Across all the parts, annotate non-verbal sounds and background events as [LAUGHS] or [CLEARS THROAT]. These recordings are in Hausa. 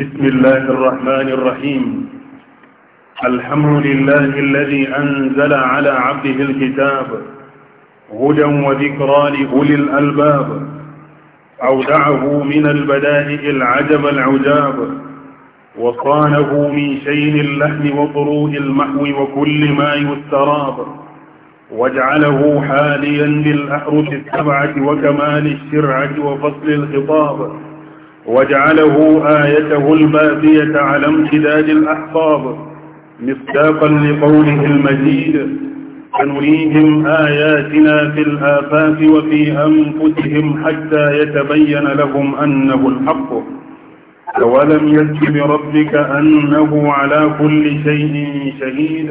بسم الله الرحمن الرحيم الحمد لله الذي أنزل على عبده الكتاب هدى وذكرى لأولي الألباب أودعه من البدائع العجب العجاب وصانه من شين اللحم وطروء المحو وكل ما يستراب واجعله حاليا للأحرف السبعة وكمال الشرعة وفصل الخطاب وجعله آيته الباقية على امتداد الأحفاظ مصداقا لقوله المجيد سنريهم آياتنا في الآفاق وفي أنفسهم حتى يتبين لهم أنه الحق أولم يزك بربك أنه على كل شيء شهيد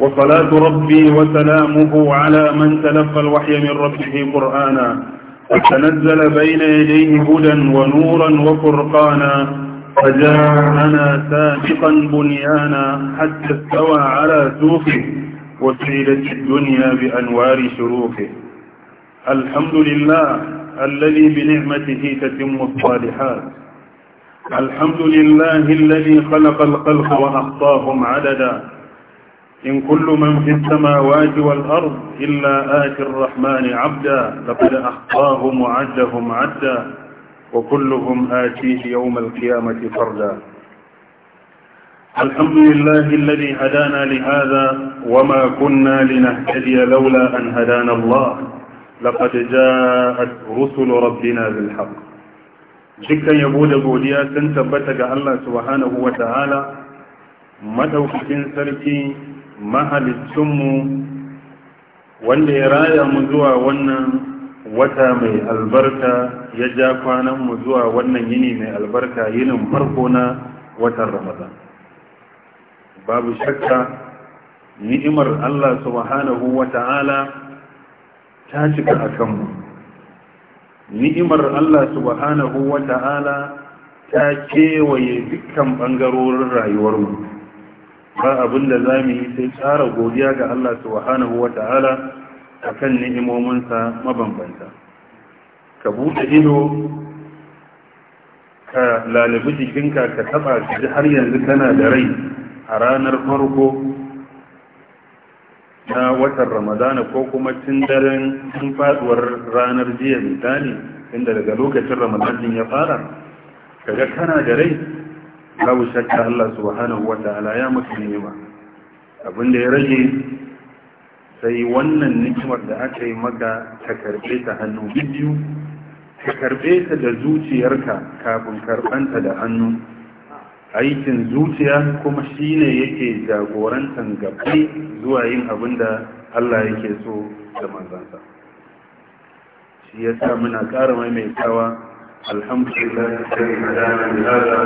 وصلاة ربي وسلامه على من تلقى الوحي من ربه قرآنا فتنزل بين يديه هدى ونورا وفرقانا فجاءنا سابقا بنيانا حتى استوى على سوقه وسيدت الدنيا بأنوار شروقه الحمد لله الذي بنعمته تتم الصالحات الحمد لله الذي خلق الخلق وأخطاهم عددا إن كل من في السماوات والأرض إلا آتي الرحمن عبدا لقد أخطاهم وعدهم عدا وكلهم آتيه يوم القيامة فردا الحمد لله الذي هدانا لهذا وما كنا لنهتدي لولا أن هدانا الله لقد جاءت رسل ربنا بالحق جكا yabo بوديا سنتبتك الله سبحانه وتعالى Allah subhanahu wa mahalicinmu wanda ya raya mu zuwa wannan wata mai albarka ya ja kwananmu zuwa wannan yini mai albarka yinin farko na watan ramadan babu shakka ni'imar allah subhanahu wa ta'ala ta cika a kanmu ni'imar allah subhanahu wa ta'ala ta kewaye dukkan ɓangarorin rayuwarmu ba abin da za mu yi sai tsara godiya ga Allah subhanahu wa ta'ala a kan ni'imominsa mabambanta ka buɗe ido ka lalabi jikinka ka taɓa ka har yanzu kana da rai a ranar farko na watan ramadana ko kuma tun daren tun faduwar ranar jiya misali inda daga lokacin ramadanin ya fara kaga kana da rai babu shakka Allah subhanahu wata'ala ya mutu ni'ima da ya rage sai wannan ni'imar da aka yi maka ta karbe ta hannu biyu ka karbe ta da zuciyarka kafin karbanta da hannu aikin zuciya kuma shine yake jagorantar gabi zuwa yin abin da Allah yake so da manzansa shi sa muna ƙara maimaitawa الحمد لله الذي هدانا لهذا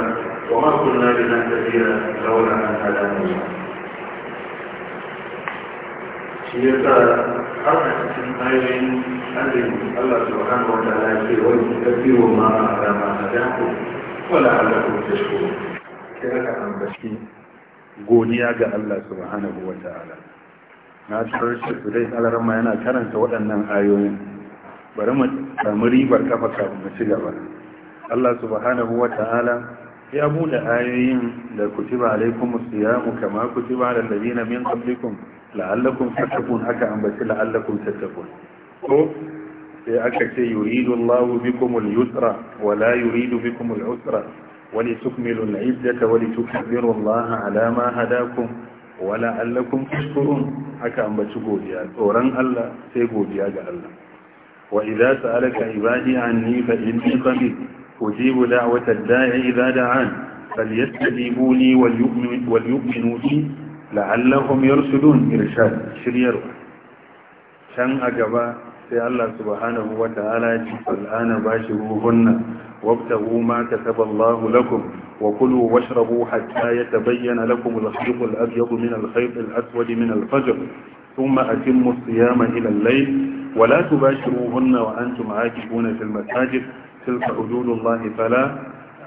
وما كنا لنهتدي لولا ان هدانا الله shi har a cikin ayoyin alim Allah subhanahu wa ta'ala ke wani kafiru ma a rama a daku wala Allah ko ta shi sai aka godiya ga Allah subhanahu wa ta'ala na tsarki Sudai alarma yana karanta waɗannan ayoyin bari mu samu ribar kafa kafin mu ci gaba Allah subhanahu wa ta'ala ya bude ayoyin da kutiba alaikum siyamu kama kutiba da alladhina min qablikum la'allakum tattaqun haka ambaci la'allakum tattaqun ko sai aka ce yuridu Allahu bikum al-yusra wa la yuridu bikum al-usra wa litukmilu al-iddata wa litukabbiru Allah ala ma hadakum wa la'allakum tashkurun haka ambaci godiya tsoron Allah sai godiya ga Allah وإذا سألك عبادي عني فإني قريب أجيب دعوة الداعي إذا دعان فليستجيبوا لي وليؤمنوا بي لعلهم يرشدون إرشاد شرير شن أجبا سي الله سبحانه وتعالى الآن باشروهن وابتغوا ما كتب الله لكم وكلوا واشربوا حتى يتبين لكم الخيط الأبيض من الخيط الأسود من الفجر ثم أتموا الصيام إلى الليل ولا تباشروهن وأنتم عاكفون في المساجد تلك حدود الله فلا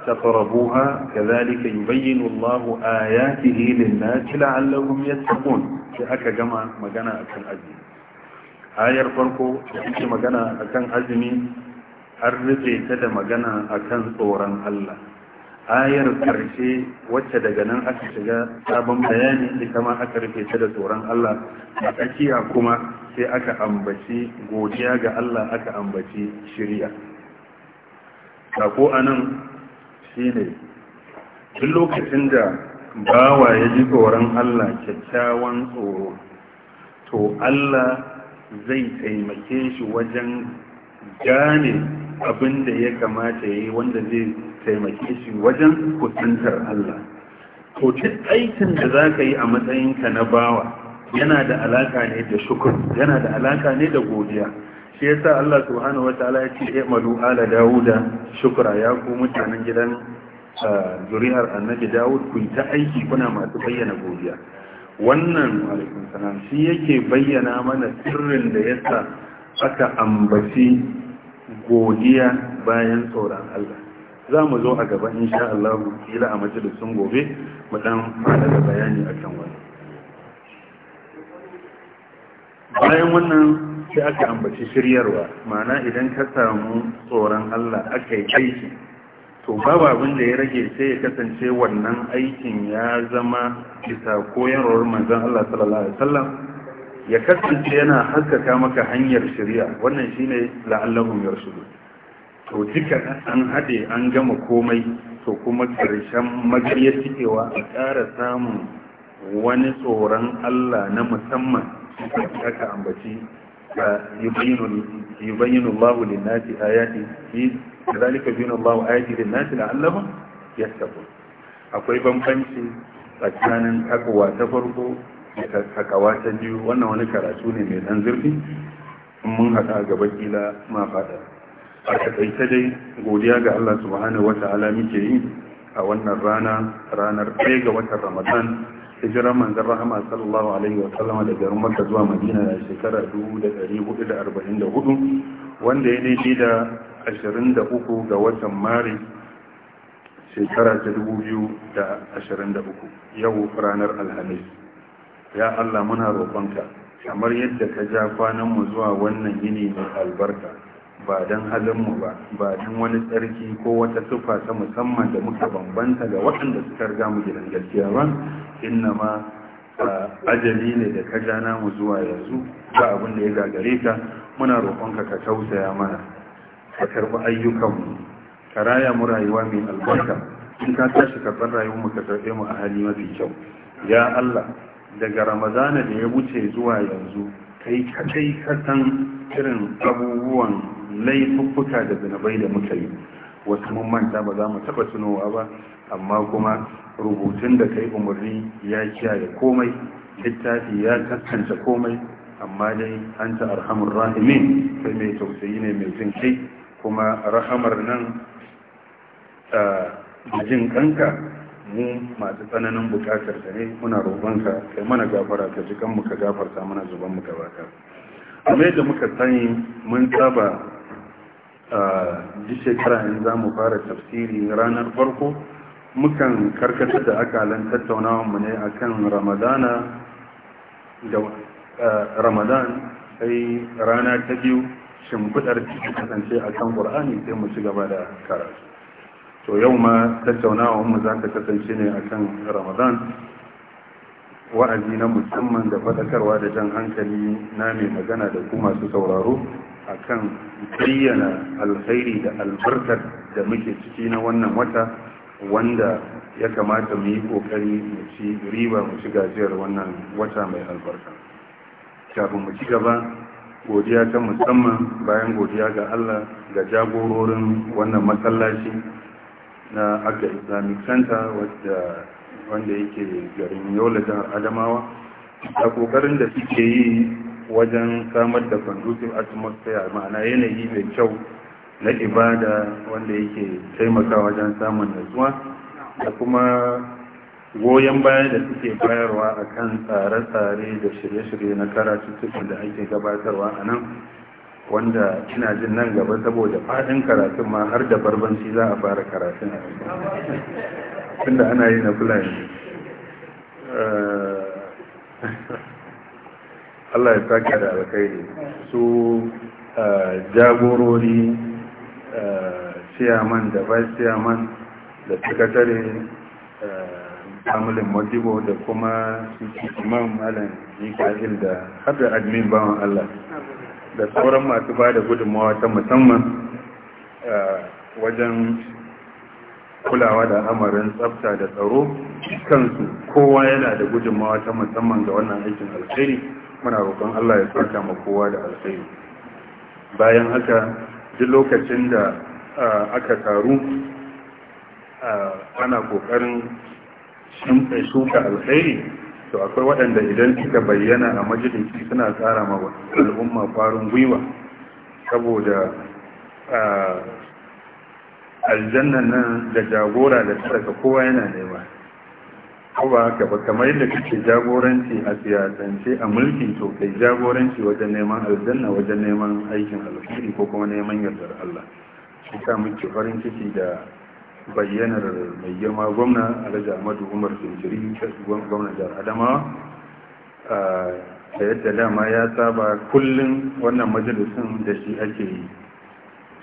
تقربوها كذلك يبين الله آياته للناس لعلهم يتقون شأك جمع مجانا أكن أزمي آية فرقو شأك مجانا أكن أزمي الرزي تد مجانا أكن صورا الله ayar karshe wacce daga nan aka shiga sabon bayani ita ma aka rufe ta da tsoron Allah a tsakiya kuma sai aka ambaci godiya ga Allah aka ambaci shirya sako a nan shi ne duk lokacin da bawa ya ji tsoron Allah kyakkyawan tsoro to Allah zai taimake shi wajen gane abin da ya kamata ya yi wanda zai taimake shi wajen kusantar Allah Ko duk aikin da za ka yi a ka na bawa yana da alaka ne da shukur yana da alaka ne da godiya shi yasa Allah subhanahu ta'ala ya ce i'malu ala Dawuda shukura ya ku mutanen gidan zuri'ar annabi Dawud ku yi ta aiki kuna masu bayyana godiya wannan alaikum salam shi yake bayyana mana sirrin da yasa aka ambaci godiya bayan tsoron Allah za mu zo a gaba insha Allah kila a majalisun gobe mu dan fara da bayani akan wannan bayan wannan sai aka ambaci shiryarwa ma'ana idan ka samu tsoron Allah aka yi aiki to babu abin da ya rage sai ya kasance wannan aikin ya zama bisa koyarwar manzon Allah sallallahu alaihi wasallam ya kasance yana haskaka maka hanyar shari'a wannan shine la'allahum yarshudu to duka an hade an gama komai to kuma karshen magariyar cikewa a ƙara samun wani tsoron Allah na musamman aka ambaci ba "Yi yubayyinu Allahu lin-nasi ayati fi kadhalika yubayyinu Allahu ayati lin-nasi la'allahum yattaqun akwai bambanci tsakanin takwa ta farko da kawa ta biyu wannan wani karatu ne mai dan zurfi mun haɗa gaba kila ma faɗa a taƙaice dai godiya ga Allah subhanahu wata'ala muke yi a wannan rana ranar ɗaya ga watan ramadan hijiran manzan rahama sallallahu alaihi wa sallama garin makka zuwa madina da shekara hudu wanda ya daidai da 23 ga watan maris shekara ta 2023 yau ranar alhamis ya Allah muna roƙonka kamar yadda ka ja kwananmu zuwa wannan yini mai albarka ba don halinmu ba ba don wani tsarki ko wata sufa ta musamman da muka bambanta ga waɗanda suka riga mu gidan gaskiya ba inna ma ajali ne da ka ja namu zuwa yanzu ba abin da ya gagare ka muna roƙonka ka tausaya mana ka karɓi ayyukanmu ka raya mu rayuwa mai albarka in ka tashi karɓar rayuwar mu ka karɓe mu a hali mafi kyau ya Allah daga ramadana da ya wuce zuwa yanzu kai kadai kasan irin abubuwan laifuffuka da zinabai da muka yi wasu mun manta ba za mu taba tunowa ba amma kuma rubutun da kai umarni ya kiyaye komai littafi ya kaskanta komai amma dai an ta arhamun rahimin sai mai tausayi ne mai jin kai kuma rahamar nan eh, a jin kanka mu masu tsananin bukatar ka ne muna roƙonka kai mana gafara ka ji kanmu ka gafarta mana zuban mu gaba ka amma yadda muka sani mun saba a duk shekara in za mu fara tafsiri ranar farko mukan karkatar da akalan tattaunawa mu ne akan ramadana da ramadan sai rana ta biyu shimfiɗar kasance akan ƙur'ani sai mu ci gaba da karatu to yau ma tattaunawa mu za ka kasance ne akan ramadan wa'azi na musamman da faɗakarwa da jan hankali na mai magana da kuma su sauraro akan bayyana alkhairi da albarkar da muke ciki na wannan wata wanda ya kamata mu yi kokari mu ci riba mu ci gajiyar wannan wata mai albarka kafin mu ci gaba godiya ta musamman bayan godiya ga Allah ga jagororin wannan masallaci na agda islamic center wanda yake garin yola jihar adamawa a kokarin da suke yi wajen samar da conducive atmosphere ma'ana yanayi mai kyau na ibada wanda yake taimaka wajen samun nutsuwa da kuma goyon bayan da suke bayarwa akan tsare-tsare da shirye-shirye na tukun da ake gabatarwa a nan wanda ina jin nan gaba saboda fadin karatun ma har da barbanci za a fara karatun tunda ana yi na fulani eh, Allah ya saka da ne su eh, jagorori Siyaman eh, da vice da sakatare amalin Madibo da kuma imam malam jikahil da har da admin bawan Allah da sauran masu ba da gudunmawa ta musamman wajen kulawa da amarin tsafta da tsaro kansu kowa yana da gudunmawa ta musamman ga wannan aikin alkhairi muna roƙon Allah ya saka ma kowa da alkhairi bayan haka duk lokacin da aka taru ana ƙoƙarin shuka alkhairi to akwai waɗanda idan kika bayyana a majalisi suna tsara ma al'umma farin gwiwa saboda aljannan nan da jagora da sarka kowa yana nema ko ba haka ba kamar yadda kake jagoranci a siyasance a mulkin to kai jagoranci wajen neman aljanna wajen neman aikin alkhairi ko kuma neman yardar Allah shi ta muke farin ciki da bayyanar mai girma gwamna alhaji amadu umar sinjiri gwamnan jihar adamawa da yadda dama ya saba kullum wannan majalisun da shi ake yi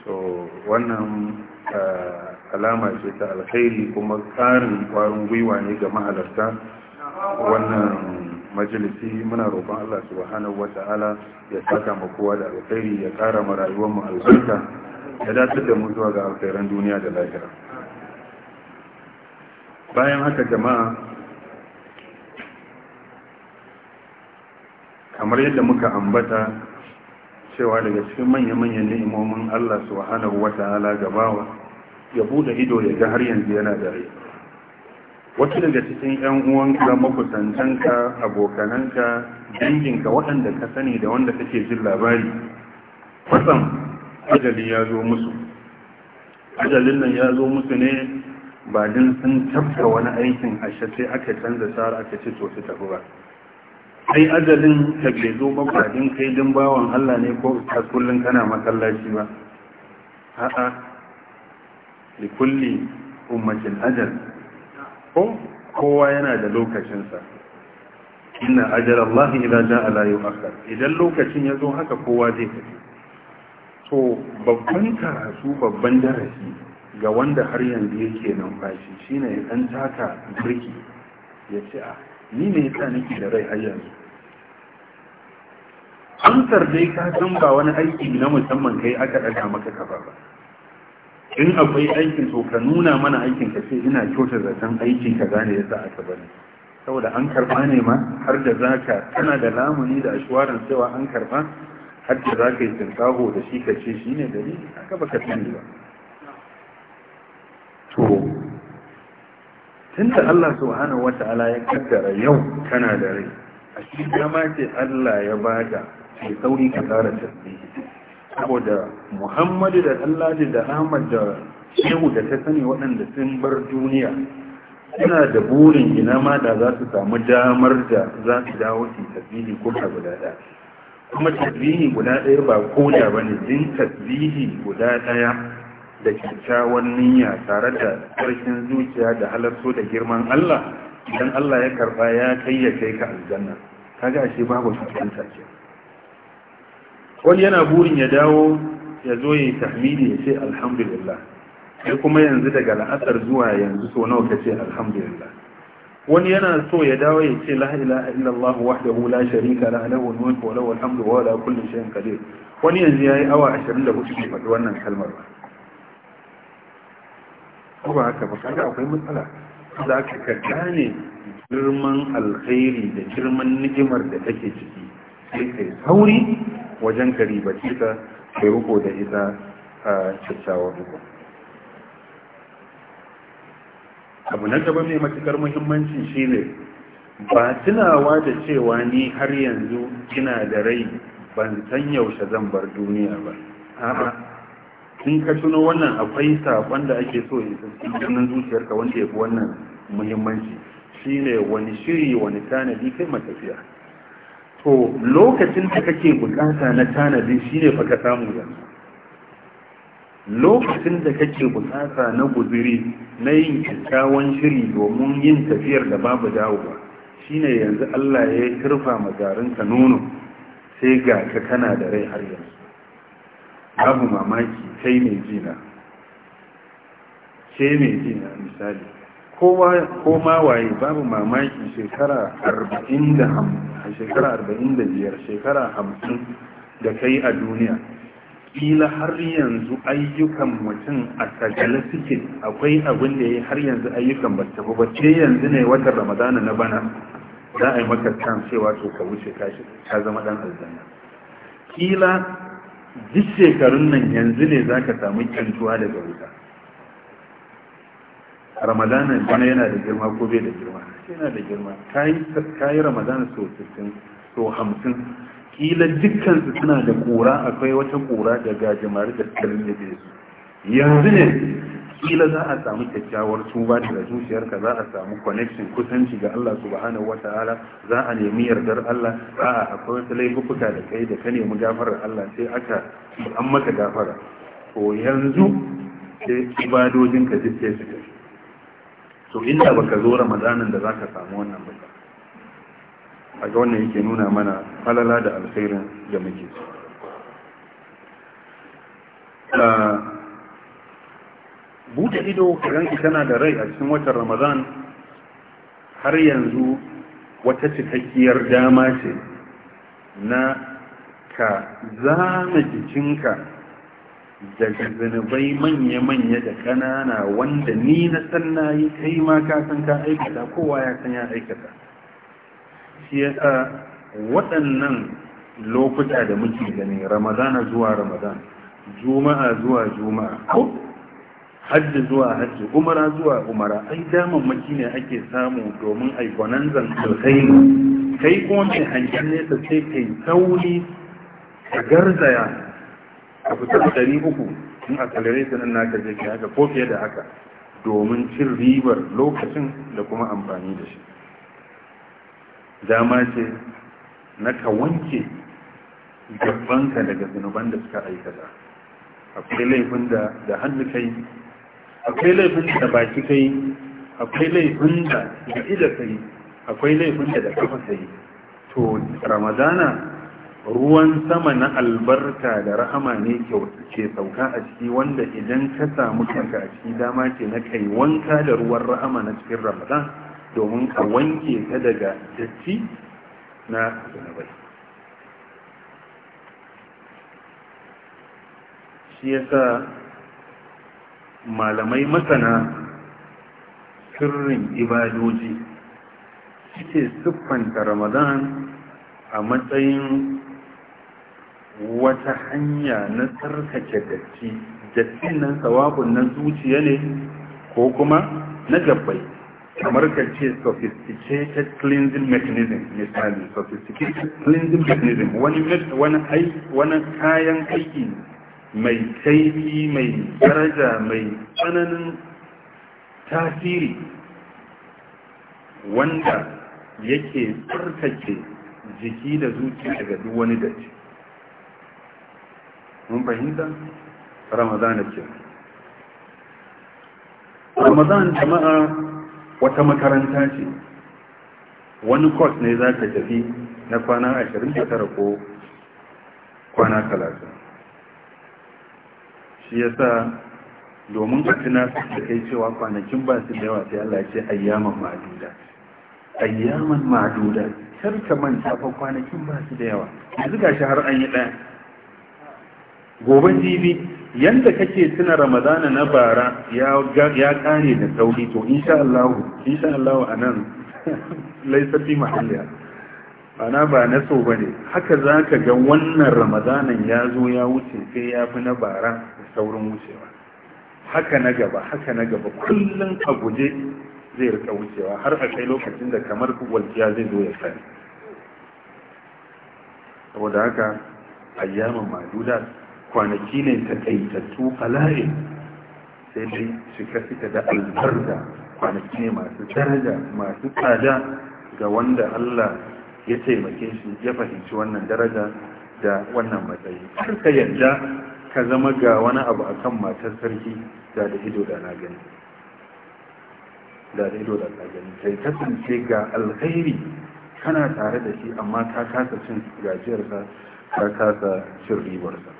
so wannan alama ce ta alkhairi kuma karin kwarin gwiwa ne ga mahalarta wannan majalisi muna roƙon Allah subhanahu ta'ala ya saka mu kowa da alkhairi ya ƙara marayuwar rayuwar mu albarka ya dace da mu zuwa ga alkhairan duniya da lahira bayan haka jama'a kamar yadda muka ambata cewa daga cikin manya-manyan ni'imomin Allah subhanahu wata'ala gabawa ya bude ido ya ga har yanzu yana da rai wasu daga cikin 'yan uwanka makusantanka abokananka danginka waɗanda ka sani da wanda kake jin labari kwatsam ajali ya zo musu ajalin nan ya zo musu ne ba din sun tabta wani aikin ashe sai aka canza tsara aka ce to su tafi ba sai ajalin ka ba ba din kai din bawan Allah ne ko ka kullun kana masallaci ba a'a li kulli ummatin ajal ko kowa yana da lokacinsa inna ajal Allah idza jaa la yu'akhkhar idan lokacin ya zo haka kowa zai tafi to babban karatu babban darasi ga wanda har yanzu yake numfashi shine ya dan taka birki ya ce a ah, ni ne yasa nake da rai har yanzu amsar dai ka san ba wani aiki na musamman kai aka ɗaga maka kafa ba in akwai aikin to ka nuna mana aikin ka ce ina kyauta zaton aikin ka gane yasa aka bani saboda an karba ne ma har da zaka tana da lamuni da ashwaran cewa an karba har da zaka yi tsinkaho da shi ka ce shine dalili aka baka sani ba to tunda Allah subhanahu wata'ala ya kaddara yau kana da rai a shi dama ce Allah ya bada sai sauri ka tsara tasbihi saboda Muhammadu da Allah da Ahmad da Shehu da ta sani waɗanda sun bar duniya suna da burin ina ma da za su samu damar da za su dawo su tasbihi ko ta guda ɗaya kuma tasbihi guda ɗaya ba koda ba ne din tasbihi guda ɗaya da kyakkyawan niyya tare da ƙarshen zuciya da halarto da girman Allah idan Allah ya karba ya kai ya kai ka aljanna kaga ashe babu shakanta ce wani yana burin ya dawo ya zo ya yi tahmidi ya ce alhamdulillah sai kuma yanzu daga la'asar zuwa yanzu so nawa ka alhamdulillah wani yana so ya dawo ya ce la ilaha illallah wahdahu la sharika la lahu al-mulku wa lahu al-hamdu wa huwa ala kulli shay'in qadir wani yanzu yayi awa 24 bai faɗi wannan kalmar ba ko ba haka ba kaga akwai matsala za ka ka gane girman alkhairi da girman ni'imar da take ciki sai kai sauri wajen ba ce ta kai ruko da ita a cikawa ruko abu na gaba mai matukar muhimmanci shine ba tunawa da cewa ni har yanzu kina da rai ban san yaushe zan bar duniya ba a'a in ka tuno wannan akwai saƙon da ake so ya cikin zuciyarka wanda ya fi wannan muhimmanci shine wani shiri wani tanadi kai matafiya to lokacin da kake bukata na tanadi shine fa ka samu yanzu lokacin da kake bukata na guziri na yin kyakkyawan shiri domin yin tafiyar da babu dawowa shine yanzu Allah ya turfa ka nono sai ga ka kana da rai har yanzu babu mamaki kai mai jina ke mai jina misali ko ma waye babu mamaki shekara 45 shekara biyar, shekara 50 da kai a duniya kila har yanzu ayyukan mutum a tagala suke akwai abin da ya har yanzu ayyukan ba tafi ba ce yanzu ne watan ramadana na bana za a yi maka cewa to ka wuce ka zama dan aljanna kila duk shekarun nan yanzu ne za ka samu kyantuwa daga wuta ramadana bana yana da girma ko bai da girma yana da girma ka yi ramadana so 60 so 50 kila dukkansu suna da kura akwai wata kura da gajimari da tsarin da yanzu ne kila za a samu kyakkyawar tuba daga zuciyarka za a samu connection kusanci ga Allah subhanahu ta'ala za a nemi yardar Allah a akwai wasu laifuka da kai da ka nemi gafarar Allah sai aka an maka gafara to yanzu sai ibadojin ka duk sai su to inda baka zo ramadanin da zaka samu wannan ba a ga wannan yake nuna mana falala da alkhairin da muke buɗe ido ka tana da rai a cikin watan ramadan har yanzu wata cikakkiyar dama ce na ka zana jikinka da zunubai manya-manya da ƙanana wanda ni na san na yi kai ma ka san ka aikata kowa ya san ya aikata shi yasa waɗannan lokuta da muke gani ramadana zuwa ramadan juma'a zuwa juma'a hajji zuwa hajji umara zuwa umara ai daman maki ne ake samu domin aikonanzan alkhairi kai kuma mai hangen nesa ce kai sauri a garzaya a fitar ɗari uku in acceleration na naka ke haka ko fiye da haka domin cin ribar lokacin da kuma amfani da shi dama ce na ka wanke gabanka daga zunuban da suka aikata akwai laifin da hannu kai akwai laifin da baki kai akwai laifin da da ida kai akwai laifin da da kafa kai to ramadana ruwan sama na albarka da rahama ne ke sauka a ciki wanda idan ka samu kanka a ciki dama ce na kai wanka da ruwan rahama na cikin ramadan domin ka wanke ka daga datti na zunubai shi yasa malamai masana sirrin ibadoji suke siffanta ramadan a matsayin wata hanya na tsarkake datti datti nan sawabun nan zuciya ne ko kuma na gabbai kamar ka ce sophisticated cleansing mechanism misali sophisticated cleansing mechanism wani wani kayan aiki ne mai kaifi mai daraja mai tsananin tasiri wanda yake tsarkake jiki da zuciya daga duk wani dace mun fahimta ramadana ke ramadan jama'a wata makaranta ce wani kwas ne za ka tafi na kwana 29 ko kwana 30 shi yasa domin ka tuna da kai cewa kwanakin ba su da yawa sai Allah ce ayyaman ma'duda ayyaman ma'duda kar ka manta fa kwanakin ba su da yawa yanzu shi har an yi ɗaya goben jibi yanda kake tuna ramadana na bara ya kare da sauri to insha Allah insha Allah anan [LAUGHS] fi mahalliya ana ba na so ba ne haka za ka ga wannan ramazanan ya zo ya wuce sai ya fi na bara da saurin wucewa haka na gaba haka na gaba kullum a guje zai rika wucewa har a kai lokacin da kamar walciya zai zo ya sani saboda haka ayyaman maduda kwanaki ne ta takaitattu fala'in sai dai shika fita da albarda kwanaki ne masu daraja masu tsada ga wanda Allah ya taimake shi ya fahimci wannan daraja da wannan matsayi har ka yadda ka zama ga wani abu a kan matar sarki da da ido da na gani da da ido da na gani kai kasance ga alkhairi kana tare da shi amma ka kasa cin gajiyarsa ka kasa cin ribarsa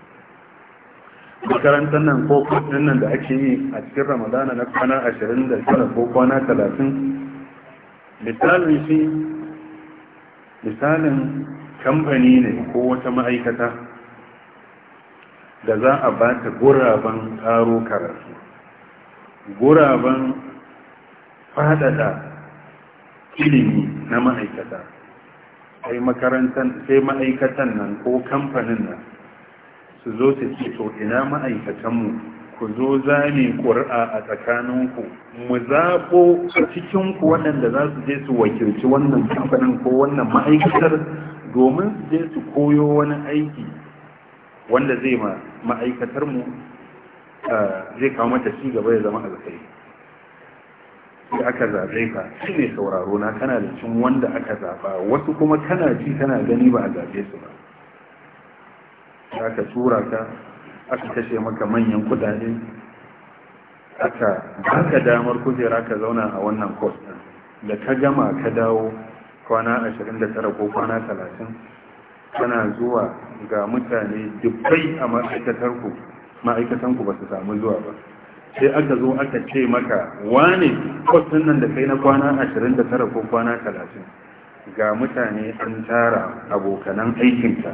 makarantar nan ko kudin nan da ake yi a cikin ramadana na kwana ashirin da ko kwana talatin misalin shi misalin kamfani ne ko wata ma'aikata da za a ba ta guraben karo karatu guraben faɗaɗa ilimi na ma'aikata sai ma'aikatan nan ko kamfanin nan su zo su ce to ina ma'aikatanmu ku zo zane ƙuri'a a tsakaninku mu zaɓo a cikinku waɗanda za su je su wakilci wannan kamfanin ko wannan ma'aikatar domin su je su koyo wani aiki wanda zai ma ma'aikatar mu zai kawo mata ci gaba ya zama alkhairi sai aka zaɓe ka shi ne sauraro na kana da cin wanda aka zaɓa wasu kuma kana ci kana gani ba a zaɓe su ba za ka tura ka aka kashe maka manyan kudade aka baka damar kujera ka zauna a wannan kwastan. da ka gama ka dawo kwana 29 ko kwana 30 kana zuwa ga mutane dubbai a ma'aikatarku ma'aikatanku ba su samu zuwa ba sai aka zo aka ce maka wane kwastan nan da kai na kwana 29 ko kwana 30 ga mutane an tara abokanan aikinka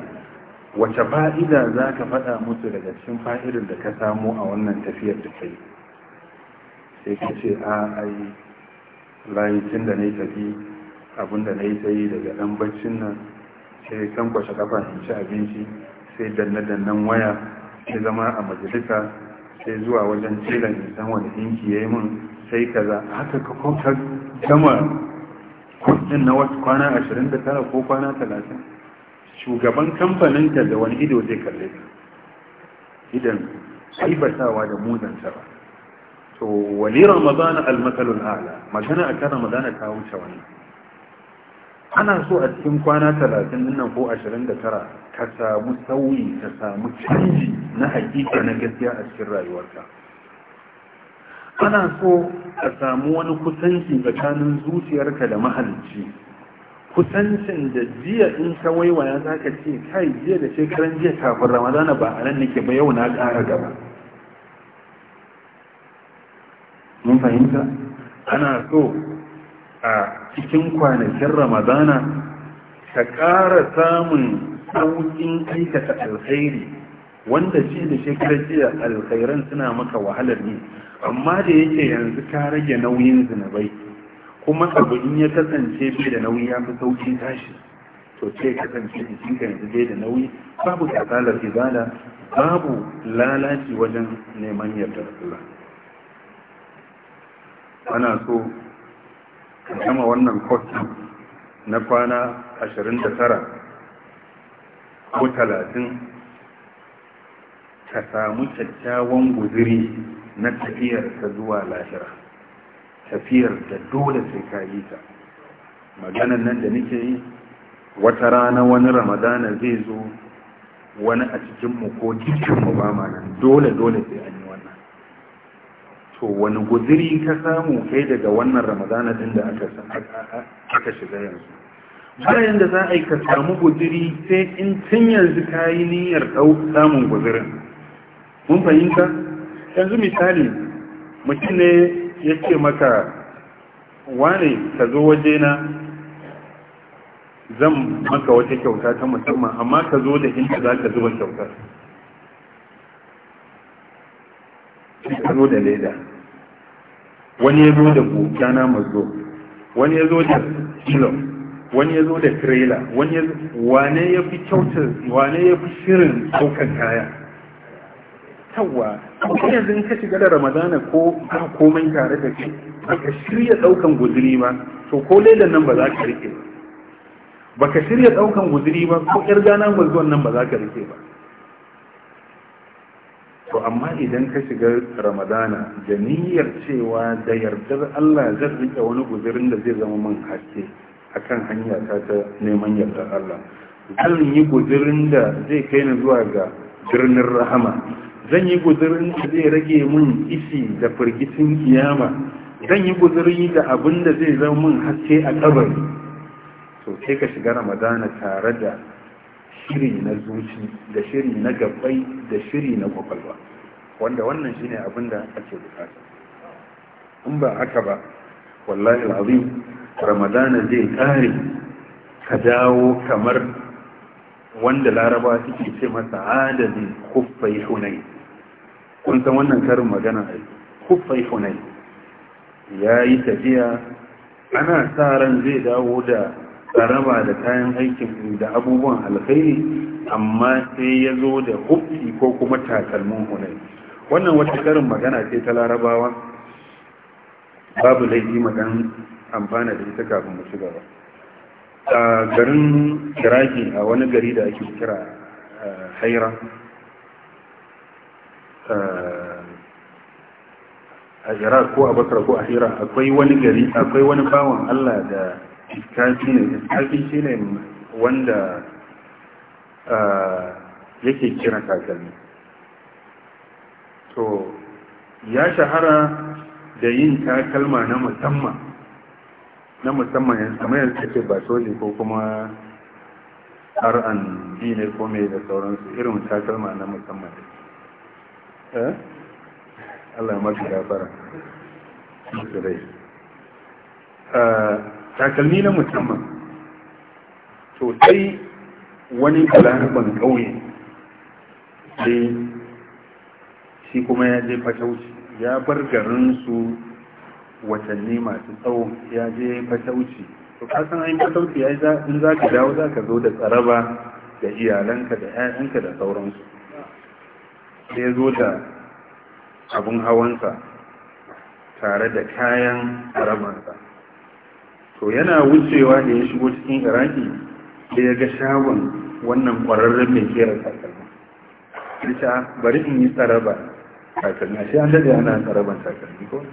wace fa'ida za ka faɗa musu daga cikin fa'idar da ka samu a wannan tafiyar da kai sai ka ce a ai layicin da na yi tafi abinda na yi yi daga ɗan baccin nan sai kan kwashe kafa in ci abinci sai danna dannan waya sai zama a majalisa sai zuwa wajen cilan in san wani ɗinki ya yi min sai ka a haka ka gama kwanan na wasu kwana 29 ko kwana 30 shugaban kamfaninta da wani ido zai kalle ta idan aibatawa da muzanta ba to wani ramadana almasalul ala magana a kan ramadana ta wuce wani ana so a cikin kwana talatin nan ko ashirin da tara ka samu sauyi ka samu canji na hakika na gaskiya a cikin rayuwarka ana so a samu wani kusanci tsakanin zuciyarka da mahalicci kusancin da jiya in ka waiwaya za ka ce kai jiya da shekaran jiya kafin ramadana ba a nan nake ba yau na ƙara gaba mun fahimta ana so a cikin kwanakin ramadana ka ƙara samun sauƙin aikata alkhairi wanda shi da shekarar jiya alkhairan suna maka wahalar ne amma da yake yanzu ka rage nauyin zinabai kuma abu in ya kasance bai da nauyi ya fi sauƙi tashi to ce kasance jikinka yanzu bai da nauyi babu kasalar ibada babu lalaci wajen neman yarda da Allah ana so ka kama wannan kwastin na kwana 29 ko 30 ka samu kyakkyawan guziri na tafiyarka zuwa lahira tafiyar da dole sai ka yi ta maganan nan da nake yi wata rana wani ramadana zai zo wani a cikinmu ko cikinmu ba ma nan dole dole sai an yi wannan to wani guziri ka samu kai daga wannan ramadana din da aka shiga yanzu bayan da za a yi ka samu guziri sai in tun yanzu ka yi niyyar samun guzirin mun fahimta yanzu misali mutum ne ya ce maka wane ka zo wajena zan maka wata kyauta ta musamman amma ka zo da inda za ka zuba kyautar ka zo da leda wani ya zo da gudana mazo wani ya zo da kilo wani ya zo da trailer wani ya wane ya fi kyautar wane ya fi shirin ɗaukar kaya yawa kuma yanzu in ka shiga da ramadana ko ba komai tare da shi baka shirya daukan guzuri ba to ko lailan nan ba za ka rike ba baka shirya daukan guzuri ba ko yar gana gwazuwan nan ba za ka rike ba to amma idan ka shiga ramadana da niyyar cewa da yardar Allah zan rike wani guzurin da zai zama min haske akan hanya ta ta neman yardar Allah zan yi guzurin da zai kai ni zuwa ga birnin rahama zan yi guzurin da zai rage mun isi da firgitin kiyama zan yi guzurin da abin da zai zama mun haske a kabari to sai ka shiga ramadana tare da shiri na zuci da shiri na gabai da shiri na kwakwalwa wanda wannan shine abin da ake bukata in ba aka ba wallahi alazim ramadana zai kare ka dawo kamar wanda laraba suke ce masa adadin kuffai hunai kun san wannan karin magana ai kufai hunai ya yi tafiya ana sa ran zai dawo da tsaraba da kayan aikin da abubuwan alkhairi amma sai ya zo da kufi ko kuma takalmin hunai wannan wata karin magana ce ta larabawa babu laifi magan amfana da ita kafin mu ci gaba a garin kiraki a wani gari da ake kira eh, haira a jira ko a bakar ko a hira akwai wani gari akwai wani bawan allah da iskafi ne iskafi shi ne wanda yake kira kakanni to ya shahara da yin takalma na musamman na musamman yanzu kamar yanzu kake ba soli ko kuma r&d ne ko mai da sauransu irin takalma na musamman da Eh? Allah ma masu gafara su rai eh, takalmi na musamman to sai wani balaraban ƙauye sai shi kuma ya je fatauci ya bar garinsu watanni masu tsawo ya je fatauci to kasan ayin fatauci ya yi in za ka dawo za ka zo da tsaraba da iyalanka da 'ya'yanka da sauransu sai ya zo da abin hawansa tare da kayan haramansa to yana wucewa da ya shigo cikin iraki da ya ga shagon wannan ƙwararren mai kera takalma ita ah, bari in yi tsaraba takalma shi an daɗe ana tsaraban takalma ko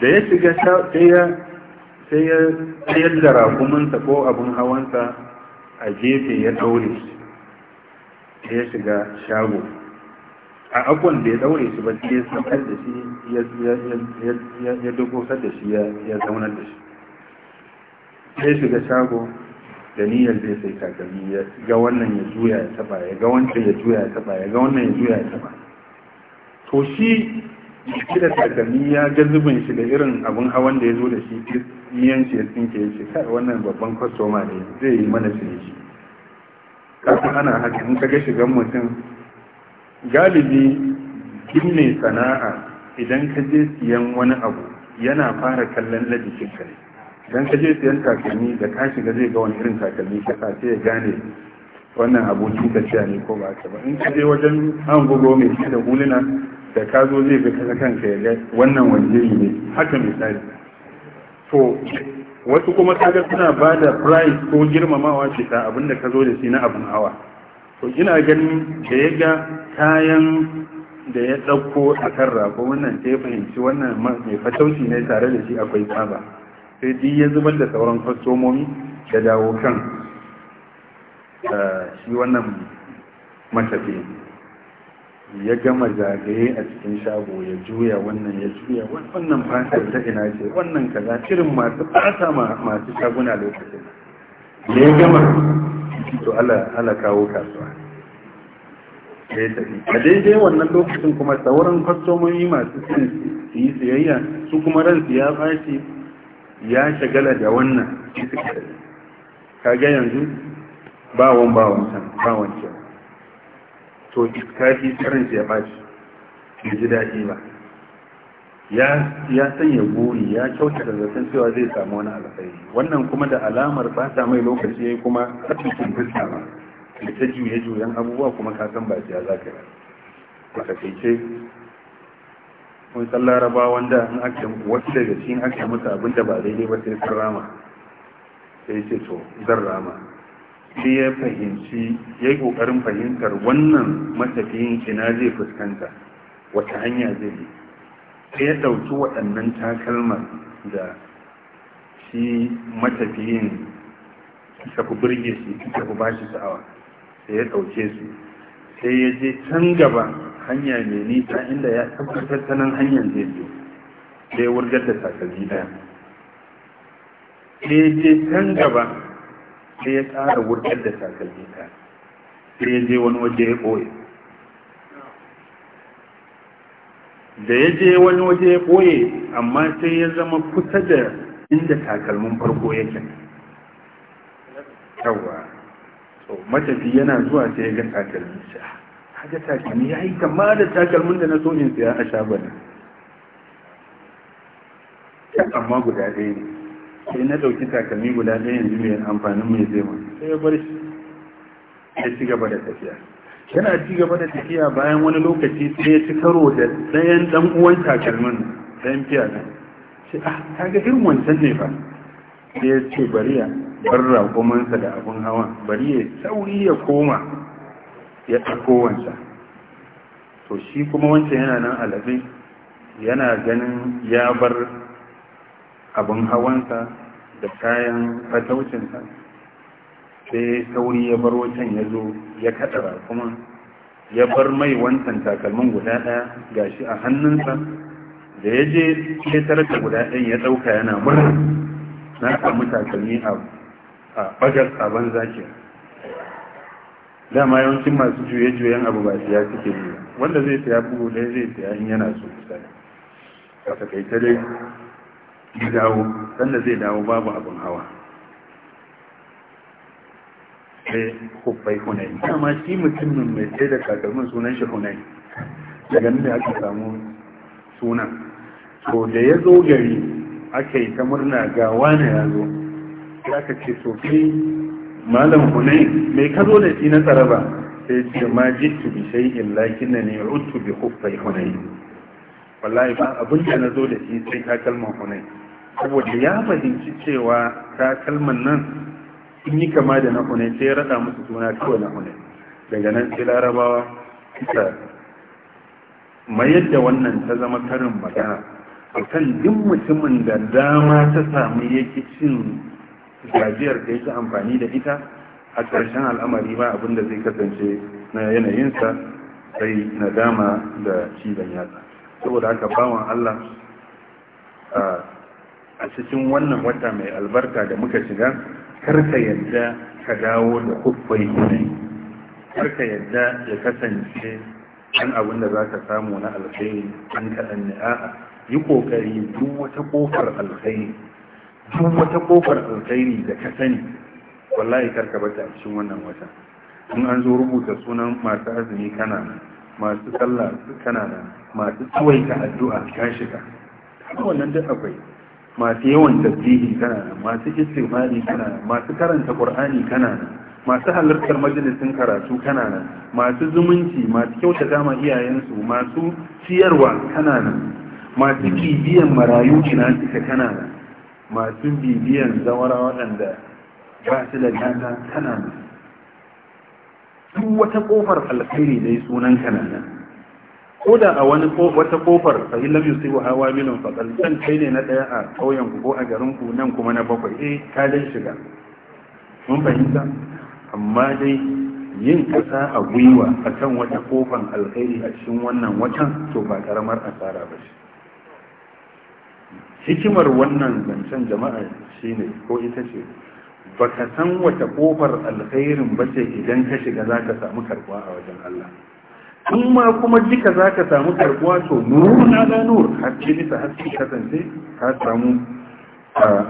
da ya shiga sai ya tsayar da rakumansa ko abin hawansa a gefe ya ɗaure shi ya shiga shago a abuwan da ya daure shi ba sai ya da shi ya dogosar da shi ya zaunar da shi sai shiga shago da niyyar zai sai kakanni ya ga wannan ya juya ya taba ya ga wancan ya juya ya taba ya ga wannan ya juya ya taba to shi shi da takalmi ya ga zubin shi da irin abun hawan da ya zo da shi miyan shi ya tsinke ya ce kai wannan babban kwastoma ne zai yi mana shi kasan ana haka in ka shigan mutum galibi duk mai sana'a idan ka je siyan wani abu yana fara kallon lajikin ka ne idan ka je siyan takalmi da ka shiga zai ga wani irin takalmi ka sace ya gane wannan abokin ciya ne ko ba ka ba in ka je wajen an gugu mai shi da huluna da ka zo zai ga kasa kanka ya ga wannan wanjiri ne haka misali to wasu kuma kaga suna ba da price ko girmamawa ce ta abin da ka zo da shi na abin hawa to ina ganin da ya ga kayan da ya ɗauko a kan rago wannan ta ya fahimci wannan mai fatauci ne tare da shi akwai tsaba sai duk ya zubar da sauran kwastomomi da dawo kan eh, shi wannan matafiya ya gama zagaye a cikin shago ya juya wannan ya juya wannan fatar ta ina ce wannan kaza irin masu fata masu shaguna lokacin ya gama to ala kawo kasuwa ya tafi a daidai wannan lokacin kuma sauran kwastomomi masu sin su yi siyayya su kuma ransu ya bashi ya shagala da wannan su suka tafi kaga yanzu bawon bawon can bawon can to iskafi karin ya baci ya ji daɗi ba ya sanya guri ya kyauta da zaton cewa zai samu wani alkhairi wannan kuma da alamar ba ta mai lokaci ya yi kuma kafin fuska ba da ta juye juyen abubuwa kuma ka san ba ya za ka yi a takaice kun san laraba wanda in ake wasu daga cikin ake musu abin da ba daidai ba sai sun rama sai ce to zan rama shi ya fahimci ya yi ƙoƙarin fahimtar wannan matafiyin ina zai fuskanta wata hanya zai yi sai ya ɗauki waɗannan takalmar da shi matafiyin suka fi birge shi suka fi bashi sa'awa sai ya ɗauke su sai ya je can gaba hanya mai nisa inda ya tabbatar ta nan hanyar zai zo sai ya wurgar da takalmi ɗaya sai ya je can gaba sai ya ƙara wurgar da takalmi ka sai ya je wani waje ya ɓoye da ya je wani waje ya ɓoye amma sai ya zama kusa da inda takalmin farko yake yawa so matafi yana zuwa sai ya ga takalmin sa haka takalmin ya yi kama da takalmin da na so in siya a shabana amma guda ɗaya ne sai na ɗauki takalmi guda ɗaya yanzu mai amfanin mai zai ma sai ya bar ya ci gaba da tafiya yana ci gaba da tafiya bayan wani lokaci sai ya ci karo da ɗayan ɗan uwan takalmin ɗayan fiya ɗan sai ah ta ga irin wancan ne fa sai ya ce bari ya bar raƙumansa da abun hawa bari ya sauri ya koma ya ɗauko wancan to shi kuma wancan yana nan alabi yana ganin ya bar abin hawansa da kayan fataucinsa sai sauri ya bar wancan ya zo ya kaɗa kuma ya bar mai wancan takalmin guda ɗaya gashi a hannunsa da ya je ya tarata guda ɗin ya ɗauka yana murna na samu takalmi a bagas a banza dama yawancin masu juye-juyen abu ba siya suke biya. wanda zai siya bugu ɗaya zai siya in yana so kusa a takaice ya dawo sanda zai dawo babu abin hawa sai hubbai hunayi dama shi mutumin mai sai da kakalmin sunan shi hunayi daga nan da aka samu sunan so da ya zo gari aka yi ta murna ga wane ya zo ya ka ce sofi malam hunayi mai ka zo da shi na tsaraba sai ce ma jittu bi laki na ne rutu bi hufai hunayi wallahi ba abin da na zo da shi sai takalman hunayi saboda ya fahimci cewa kalman nan sun yi kama da nahunai sai ya raɗa musu suna kawai nahunai daga nan sai larabawa suka mayar da wannan ta zama karin magana a kan duk mutumin da dama ta samu yake cin gajiyar da yake amfani da ita a ƙarshen al'amari ba abin da zai kasance na yanayinsa sai na dama da cizon yatsa saboda haka bawan allah a cikin wannan wata mai albarka da muka shiga kar ka yadda ka dawo da kufai ne kar ka yadda ya kasance an abin da za ka samu na alkhairi an kaɗan ne a'a yi ƙoƙari duk wata ƙofar alkhairi duk wata ƙofar alkhairi da ka sani wallahi kar ka bata a cikin wannan wata in an zo rubuta sunan masu azumi kana masu sallah kana masu tsawaita addu'a ka shiga wannan duk akwai masu yawan tasbihi kana masu istighfari kana masu karanta qur'ani kana masu halartar majalisin karatu kana masu zumunci masu kyauta ma iyayensu masu ciyarwa kana masu bibiyan marayu ina suka kana masu bibiyan zawara waɗanda ba su da gata kana duk wata ƙofar alkhairi dai sunan kana nan ko da a wani wata kofar fa in lam yusibu hawa minun fa san kai ne na daya a kauyen ku ko a garin ku nan kuma na bakwai eh ka dai shiga mun fahimta amma dai yin kasa a gwiwa a kan wata kofan alkhairi a cikin wannan watan to ba karamar asara ba shi hikimar wannan zancen jama'a shine ko ita ce baka san wata kofar alkhairin ba ce idan ka shiga za ka samu karbuwa a wajen Allah in ma kuma duka za ka samu karbuwa to nurun ala nur haske haske kasance ka samu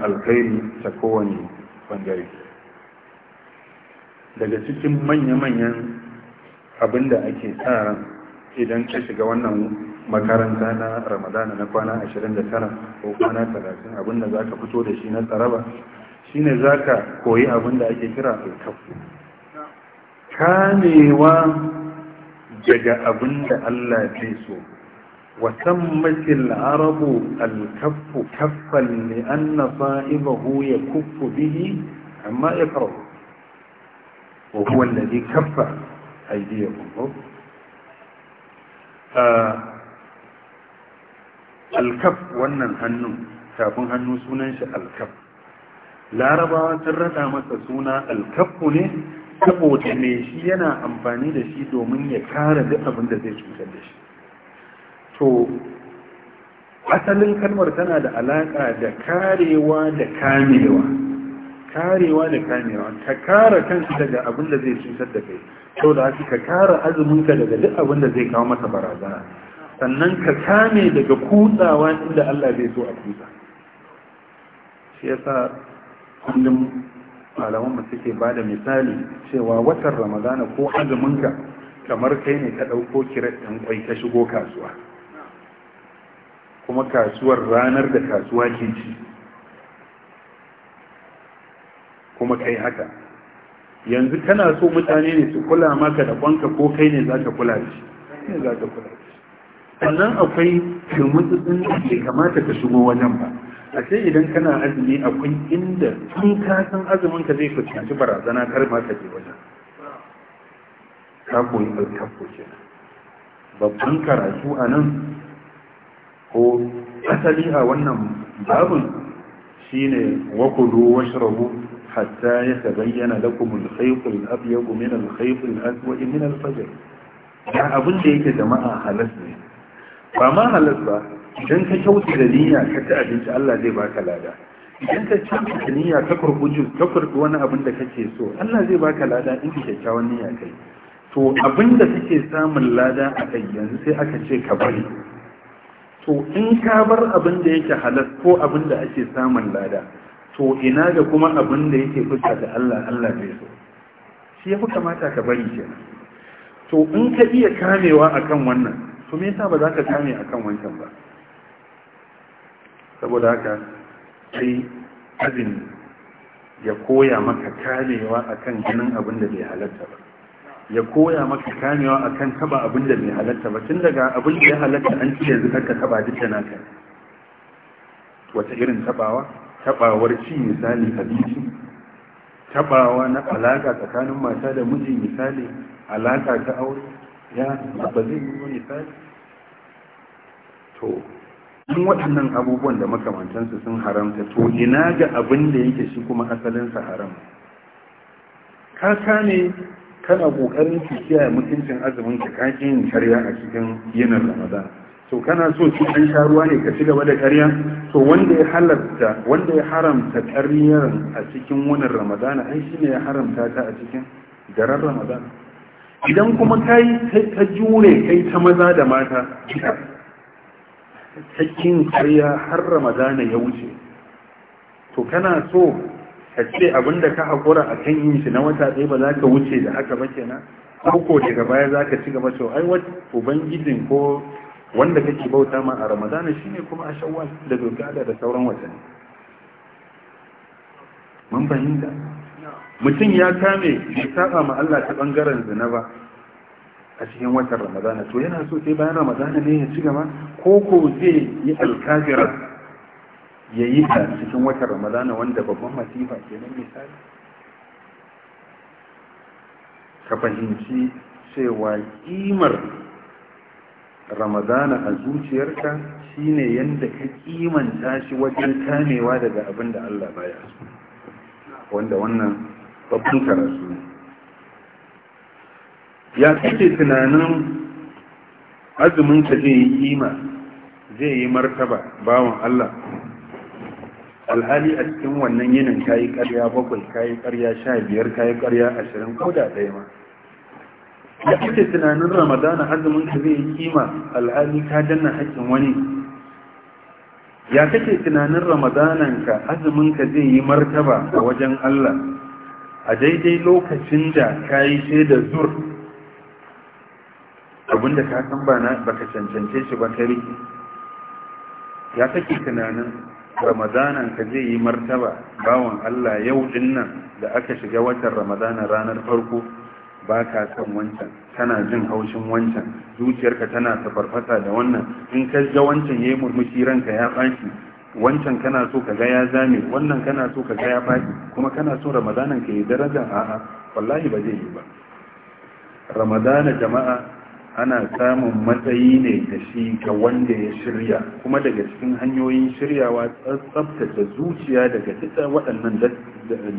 alkhairi ta kowane bangare daga cikin manya-manyan abinda ake tsara idan ka shiga wannan makaranta na ramadana na kwana 29 ko kwana 30 abinda za ka fito da shi na tsaraba shine za ka koyi abinda da ake kira alkafu kamewa daga abin da Allah zai so وتمت العرب الكف كفا لأن صائبه يكف به عما يكره وهو الذي كف أيديهم آه الكف wannan hannu kafin hannu sunan shi alkaf larabawa sun rada masa suna alkafu ne saboda me shi yana amfani da shi domin ya kare duk abin da zai cutar da shi to asalin kalmar tana da alaƙa da karewa da kamewa karewa da kamewa ka kare kanka daga abin da zai cutar da kai to da haka ka kare azuminka daga duk abin da zai kawo masa barazana sannan ka kame daga kutsawa inda Allah zai so a kutsa shi yasa kullum malaman suke ba da misali cewa watan ramadana ko azuminka kamar kai ne ka ɗauko kirat ɗan kwai ka shigo kasuwa kuma kasuwar ranar da kasuwa ke ci kuma kai haka yanzu kana so mutane ne su kula maka da ƙwanka ko kai ne za ka kula ci shi sannan akwai filmutsutsun da ke kamata ka shigo wajen ba ashe idan kana azumi akwai inda tun ka san azumin ka zai fuskanci barazana kar ma ka je wajen ka koyi alkafo ce babban karatu a nan ko asali a wannan babin shine wakulu washrabu hatta yatabayyana lakum al-khayt al-abyad min al-khayt al-aswad min al-fajr ya abin da yake jama'a halas ne ba ma halas ba idan ka kyauta da niyya ka ci abinci Allah zai baka lada idan ka kyauta da niyya ka jus, ka kurbu wani abin da kake so Allah zai baka lada in ka kyakkyawan niyya kai to abin da kake samun lada a kai yanzu sai aka ce ka bari to in ka bar abin da yake halas ko abin da ake samun lada to ina da kuma abin da yake fuska da Allah Allah zai so shi ya fi kamata ka bari kenan to in ka iya kamewa akan wannan to me yasa ba za ka kame akan wancan ba saboda haka sai azin ya koya maka kamewa akan ganin abin da bai halatta ba ya koya maka kamewa akan taba abin da bai halatta ba tun daga abin da ya halatta an ce yanzu kanka taba duk da naka wata irin tabawa tabawar ci misali abinci tabawa na alaka tsakanin mata da miji misali alaka ta aure ya ba zai yi misali to in waɗannan abubuwan da makamantansu sun haramta to ina ga abin da yake shi kuma asalinsa haram kaka ne kana ƙoƙarin ki kiyaye mutuncin azumin ka kake yin karya a cikin yinin ramadan to kana so ki an sha ruwa ne ka ci gaba da karya to wanda ya halarta wanda ya haramta karyar a cikin wannan ramadan ai shi ne ya haramta ta a cikin daren ramadan idan kuma kai ta jure kai ta maza da mata cikin ƙarya har ramadana ya wuce to kana so ka ce abinda ka haƙura a kan yin shi na wata ɗaya ba za ka wuce da haka ba kenan ko daga baya za ka ci gaba to ai wata ubangijin ko wanda kake bauta ma a ramadana shine kuma a shawwal da dogada da sauran watanni mun fahimta mutum ya kame bai saba ma Allah ta bangaren zina ba a cikin watan ramadana to yana so sai bayan ramadana ne ya ci gaba ko ko zai yi alkafirar ya yi a cikin watan ramadana wanda babban masifa ke nan misali ka fahimci cewa kimar ramadana a zuciyarka shine yadda ka kimanta shi wajen kamewa daga abin da allah baya wanda wannan babban karatu ne ya kake tunanin azuminka zai yi kima zai yi martaba bawon Allah alhali a cikin wannan yinin kayi karya bakwai kayi karya sha biyar kayi karya ashirin ko da ɗaya ma ya kake tunanin ramadana azuminka zai yi kima alhali ka danna haƙƙin wani ya kake tunanin ramadananka azuminka zai yi martaba a wajen Allah a daidai lokacin da kayi shaidar zur abinda ka san ba baka cancance shi ba ka riki ya take tunanin ramadanan ka zai yi martaba bawan Allah yau din nan da aka shiga watan ramadana ranar farko ba ka san wancan kana jin haushin wancan zuciyarka tana tafarfata da wannan in ka ga wancan yayi murmushi ranka ya fashi. wancan kana so ka ga ya zame wannan kana so ka ga ya fashi? kuma kana so ramadanan ka yi daraja a'a wallahi ba zai yi ba ramadana jama'a ana samun matsayi ne da shi ga wanda ya shirya kuma daga cikin hanyoyin shiryawa tsabtace zuciya daga ita waɗannan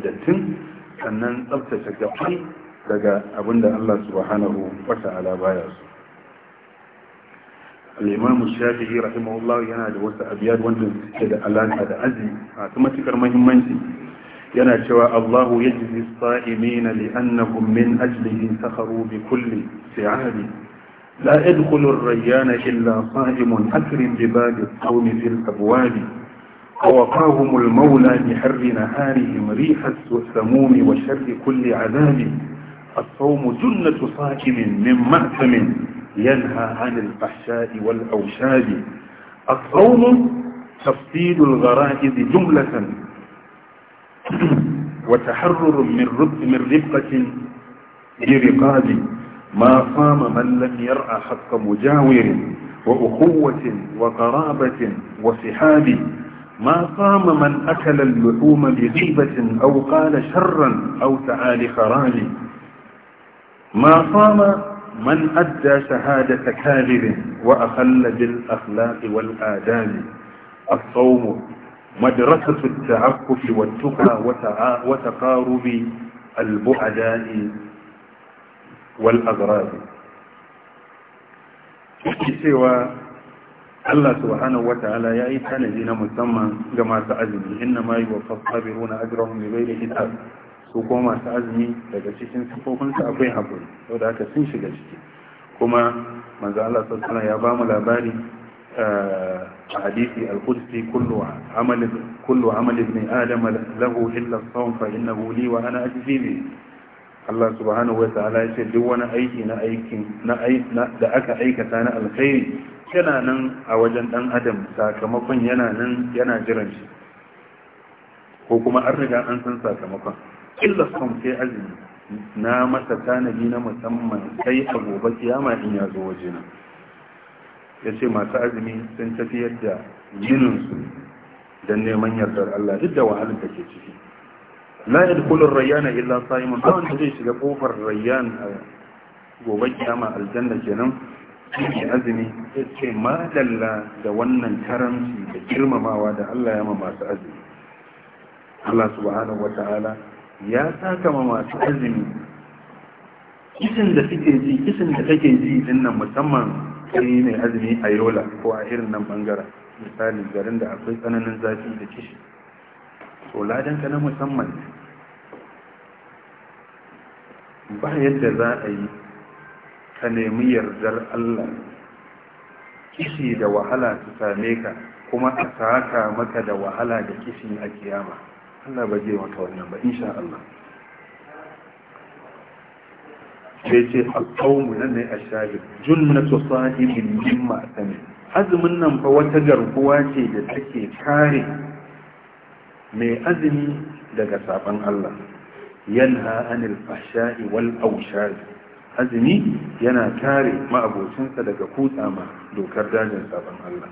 dattin sannan tsabtace gabai daga abinda Allah subhanahu ta'ala baya su al'imam shafi'i rahimahullah yana da wasu abiyar wanda suke da alaƙa da aji masu matukar mahimmanci yana cewa Allahu yajzi as-sa'imina li'annahum min ajlihi sakharu bi kulli si'abi لا يدخل الريان إلا صائم أكرم جبال القوم في الأبواب ووقاهم المولى بحر نهارهم ريح السموم وشر كل عذاب الصوم جنة صائم من مأثم ينهى عن الفحشاء والأوشاد الصوم تفصيل الغرائز جملة [CLEARS THROAT] وتحرر من ربقة برقاب ما صام من لم يرعى حق مجاور وأخوة وقرابة وصحاب ما صام من أكل اللحوم بغيبة أو قال شرا أو تعالي خراج ما صام من أدى شهادة كاذب وأخل بالأخلاق والآداب الصوم مدرسة التعفف والتقى وتقارب البعداء wal azrar cewa Allah subhanahu wata'ala ya yi tanadi na musamman ga masu azumi inna ma yi wa fasabiruna ajrahum bai da hisab su kuma masu azumi daga cikin sifofin su akwai hakuri saboda haka sun shiga ciki kuma manzo Allah sallallahu ya ba mu labari eh, a hadisi al-qudsi kullu amal kullu adam lahu illa as-sawm fa innahu wa ana Allah subhanahu wa ta'ala ya ce duk wani aiki na aikin na da aka aikata na alkhairi yana nan a wajen dan adam sakamakon yana nan yana jiran shi ko kuma an riga an san sakamakon illa sun sai azumi na masa tanadi na musamman sai a gobe kiyama in ya zo waje na ya ce masu azumi sun tafiyar da yininsu don neman yardar Allah duk da wahalar da ke ciki la yadkhulur rayyana illa sa'imun ba wanda zai shiga kofar rayyan a gobe kyama aljanna kenan shi azumi ya ce da wannan karanci da girmamawa da Allah ya ma masu azumi Allah subhanahu wa ta'ala ya saka ma masu azumi kisin da suke ji kisin da kake ji din nan musamman kai ne azumi a yola ko a irin nan bangaren misali garin da akwai tsananin zafi da kishi to ladan ka na musamman ba yadda za a yi ka nemi yardar Allah kishi da wahala su same ka kuma a saka maka da wahala da kishi a kiyama Allah ba zai maka wannan ba insha Allah sai ce alƙawmu nan ne a shahid junnatu sahibin mimma sami azumin nan fa wata garkuwa ce da take kare mai azumi daga saban Allah yanha anil fahsha'i wal aushari azumi yana kare ma'abocinsa daga kutsama dokar dajin sabon Allah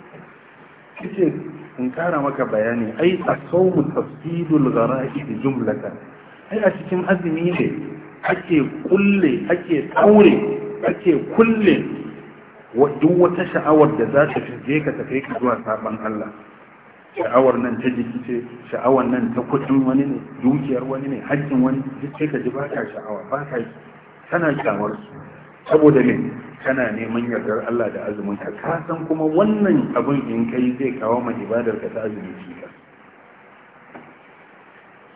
kace in kara maka bayani ai asawmu tafsidul ghara'id jumlata ai a cikin azumi ne ake kulle ake taure ake kulle duk wata sha'awar da za ta fije ka ta zuwa sabon Allah sha'awar nan ta jiki ce sha'awar nan ta kudin wani ne dukiyar wani ne haƙƙin wani duk sai ka ji ba ka sha'awa ba ka kana kyamar su saboda ne kana neman yardar Allah da azumin ka ka san kuma wannan abin in kai zai kawo ma ibadar ka ta azumi ka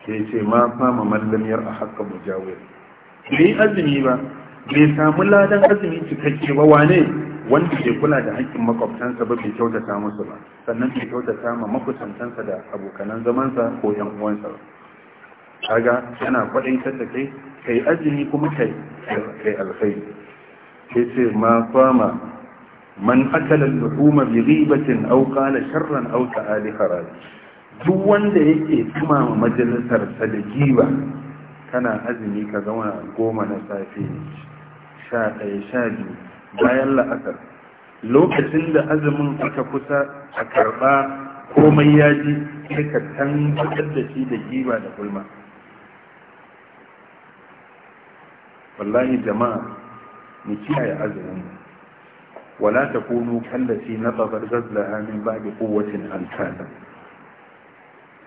Ke ce ma fama mallamiyar a haka mujawir bai azumi ba bai samu ladan azumi cikakke ba wane wanda ke kula da haƙƙin makwabtansa ba bai kyautata musu ba sannan bai kyautata ma makusantansa da abokanan zamansa ko yan uwansa ba kaga yana kwaɗaitar da kai kai azumi kuma kai kai alkhairi sai ce ma fama man akala al-luhuma bi ghibatin aw qala sharran aw ta'ali kharaj duk wanda yake tuma majalisar sa da giba kana azumi ka zauna goma na safe sha ɗaya sha biyu bayan la'asar lokacin da azumin aka kusa a karba komai ya ji sai ka tanbatar da shi da giba da gulma wallahi jama'a mu kiyaye azumin wala ta kunu kallafi na tsabar zazzaha min ba da kowacin alkada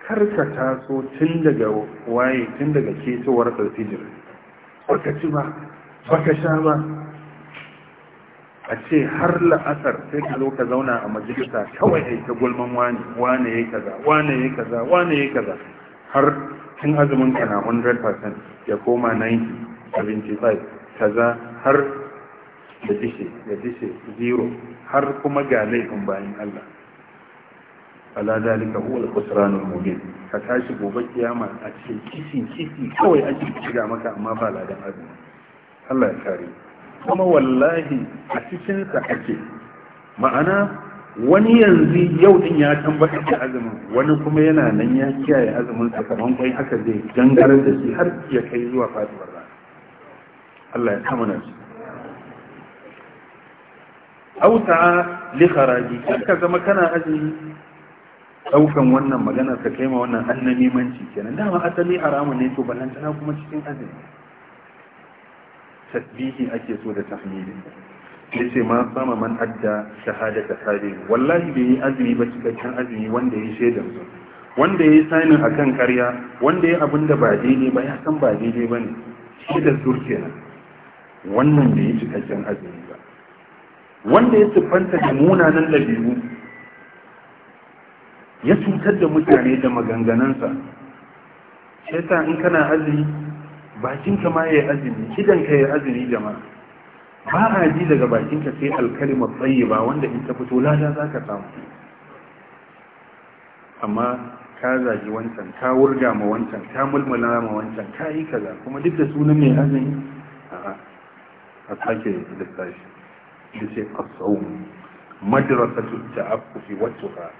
kar ka taso tun daga waye tun daga ketowar tsarfijir baka ci ba baka sha ba a ce har la'asar sai ka zo ka zauna a majalisa kawai yi ta gulman wani wane yi kaza wane yi kaza wane yi kaza har cin azumin ka na 100% ya koma 90 75 kaza har da dishe da dishe zero har kuma ga laifin bayan Allah ala dalika huwa al-khusran al-mubin ka tashi gobe kiyama a ce kishin kishi kawai ake shiga maka amma ba ladan azumi Allah ya kare kuma wallahi a cikinsa ake ma'ana wani yanzu yau din ya tambatar da azumin wani kuma yana nan ya kiyaye azumin sa kaman kai haka zai gangarar da shi har ya kai zuwa faduwar rana Allah ya kama nan auta li kharaji ka zama kana azumi daukan wannan magana ka kai ma wannan annabi manci kenan dama asali haramun ne to balantana kuma cikin azumi tasbihi ake so da tahmidi yace ma sama man adda shahada ta sabi wallahi bai yi azumi ba cikakken azumi wanda ya shaidar su wanda ya yi sanin akan karya wanda ya abin da ba daidai ba ya san ba daidai ba ne shaidar sur kenan wannan bai yi cikakken azumi ba wanda ya siffanta da munanan labibu ya cutar da mutane da maganganansa shi in kana azumi bakinka ma ya yi azumi kidanka ya yi azumi jama'a ba a ji daga bakinka sai alkalima ba wanda in ta fito lada za ka samu amma ka zagi wancan ka wurga ma wancan ka mulmula ma wancan ka yi kaza kuma duk da sunan mai azumi a sake lissafi da ce asau madrasatu ta'affufi wattuha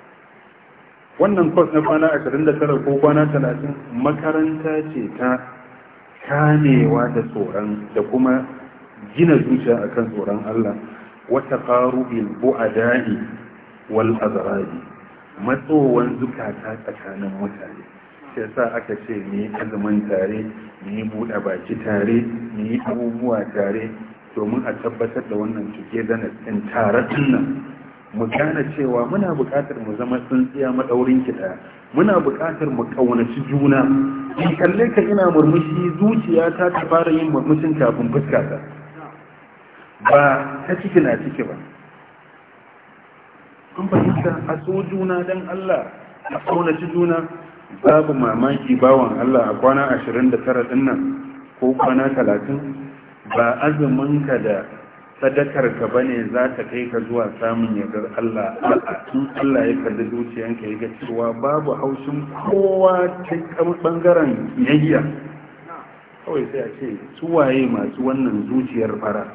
wannan kwas na kwana 29 ko kwana 30 makaranta ce ta kamewa da tsoron da kuma gina zuciya a kan tsoron Allah wata ƙarubil bu'ada'i wal azarari matsowan zukata tsakanin mutane sai sa aka ce ne azumin tare ne buɗe baki tare ne abubuwa tare domin a tabbatar da wannan cike da tare nan mu gane cewa muna buƙatar mu zama tsintsiya maɗaurin ki ɗaya muna buƙatar mu ƙaunaci juna in kalle ka ina murmushi zuciya ta ta fara yin murmushin kafin fuskata ba ta ciki na ciki ba kun fahimta a so juna don Allah a ƙaunaci juna babu mamaki bawan Allah a kwana ashirin da tara ɗin nan ko kwana talatin ba azumin ka da sadakar ka bane za ta kai ka zuwa samun yardar Allah tun Allah ya kalli zuciyanka ya ga cewa babu haushin kowa ta bangaren yayya kawai sai a ce su waye masu wannan zuciyar fara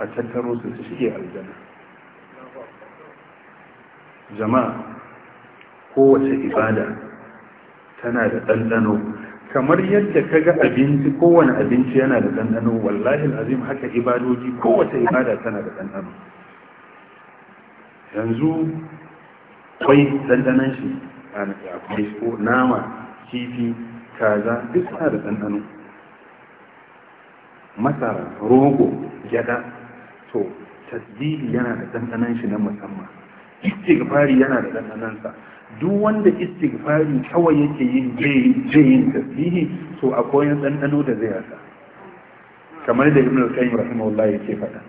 a tattaro su su shige aljanna jama'a kowace ibada tana da ɗanɗano kamar yadda ka ga abinci kowane abinci yana da ɗanɗano wallahi azim haka ibadoji kowace ibada tana da ɗanɗano yanzu kwai ɗanɗanon shi a kwai ko nama kifi kaza duk suna da ɗanɗano masara rogo gyada to tasbihi yana da ɗanɗanon shi na musamman fari yana da ɗanɗanonsa duk wanda istighfari kawai yake yin jayin tasbihi to akwai wani ɗanɗano da zai rasa kamar da ibn al-qayyim rahimahullah yake faɗa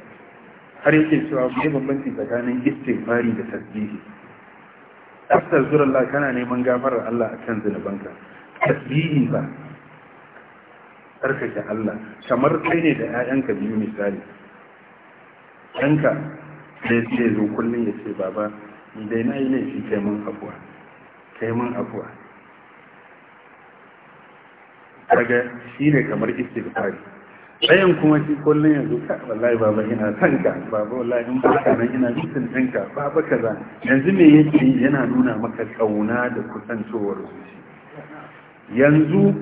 har yake cewa mai bambanci tsakanin istighfari da tasbihi zuwa Allah kana neman gafarar Allah akan zinubanka tasbihi ba tsarkake Allah kamar kai ne da 'ya'yanka biyu misali ɗanka da ya ce zo kullum ya ce baba dai na yi shi kai mun afuwa sai mun afuwa daga shi ne kamar istighfari ɗayan kuma shi kullum yanzu ka wallahi baba ina son ka baba wallahi in baka nan ina mutum tanka baba kaza yanzu me yake yana nuna maka ƙauna da kusantowar zuci yanzu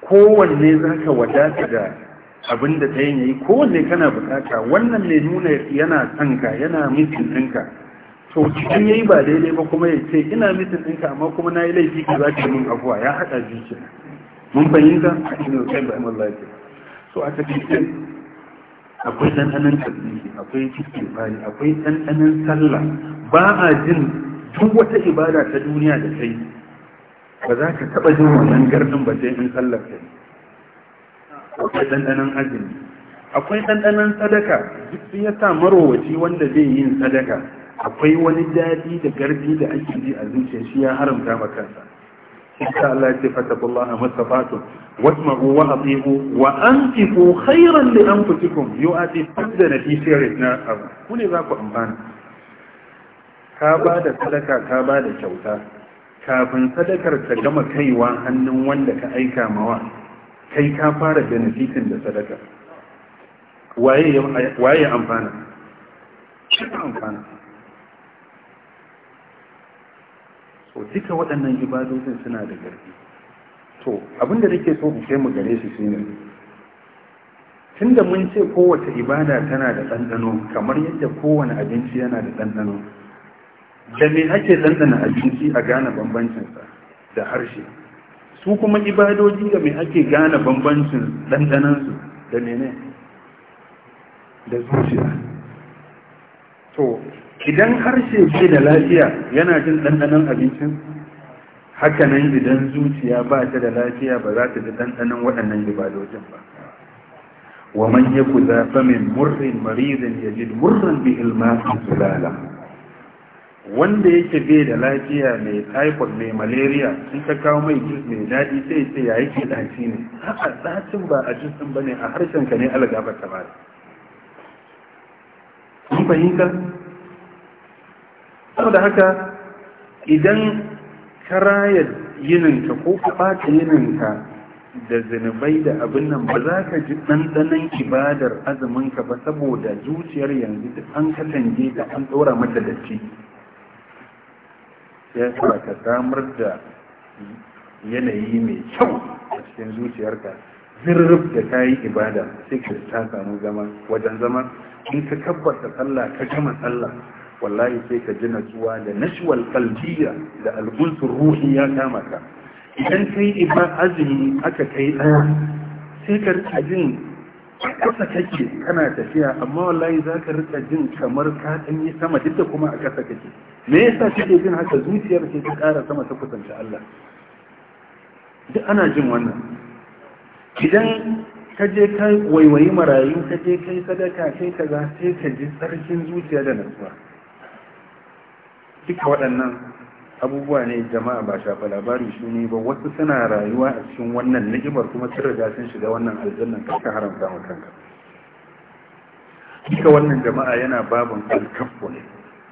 kowanne za ka wadata da abin da ɗayan ya yi kowanne kana bukata wannan ne nuna yana son ka yana mutum tanka to cikin yayi ba daidai ba kuma ya ce ina mitin ɗinka amma kuma na yi laifi ka za ka min abuwa ya haɗa zuciya mun fahimta a cikin kai ba Allah ke so a tafiye akwai ɗanɗanon tasbihi akwai cikin bari akwai ɗanɗanon sallah ba a jin duk wata ibada ta duniya da kai ba za ka taɓa jin wannan gardin ba sai in sallar kai akwai ɗanɗanon azumi akwai ɗanɗanon sadaka duk sun ya sa marowaci wanda zai yin sadaka akwai wani daɗi da garbi da ake ji a zuciya shi ya haramta ma kansa insha Allah ya ce fatakullah mastafatu wasma'u wa atiqu wa anfiqu khairan li anfusikum yu'ati fadda fi sirrina abu ku ne za ku amfana ka ba da sadaka ka ba da kyauta kafin sadakar ta gama kaiwa hannun wanda ka aika mawa kai ka fara benefitin da sadaka waye ya amfana amfana to duka waɗannan ibadodin suna da garbi to abinda nake so ku kai mu gare shi shine tunda mun ce kowace ibada tana da ɗanɗano kamar yadda kowane abinci yana da ɗanɗano da me ake ɗanɗana abinci a gane bambancinsa da harshe su kuma ibadoji da me ake gane bambancin ɗanɗanansu da mene da zuciya to idan harshe bai da lafiya yana jin ɗanɗanon abincin haka nan idan zuciya ba ta da lafiya ba za ta ji ɗanɗanon waɗannan ibadojin ba wa man yaku za min murrin marizin ya ji murrin bi ilmasin zulala wanda yake bai da lafiya mai typhoid mai malaria sun ta kawo mai jus mai daɗi sai ce ya yake ɗaci ne a ɗacin ba a jisun ba ne a harshenka ne algaba ta ba kun fahimta saboda haka idan ka raya yininka ko ka ɓata yininka da zunubai da abin nan ba za ka ji ɗanɗanon ibadar azuminka ba saboda zuciyar yanzu da an katange da an ɗora mata ya sa ka samar da yanayi mai kyau a cikin zuciyarka zirrif da ka yi ibada sai ka ta samu zama wajen zama in ka tabbata sallah ka gama sallah wallahi sai ka ji natsuwa da nashwal qalbiyya da albunsur ruhi ya kama ka idan kai ibad azumi aka kai daya sai ka rika jin kasa kake kana tafiya amma wallahi za ka rika jin kamar ka dan yi sama duk da kuma a kasa kake me yasa kake jin haka zuciyar ke ta ƙara sama ta kusanta Allah duk ana jin wannan idan ka je ka waiwayi marayu ka je kai sadaka kai kaza sai ka ji tsarkin zuciya da natsuwa duka waɗannan abubuwa ne jama'a ba shafa labari su ne ba wasu suna rayuwa a cikin wannan ni'imar kuma sun riga sun shiga wannan aljannan kanka haramta ma kanka duka wannan jama'a yana babin alkafu ne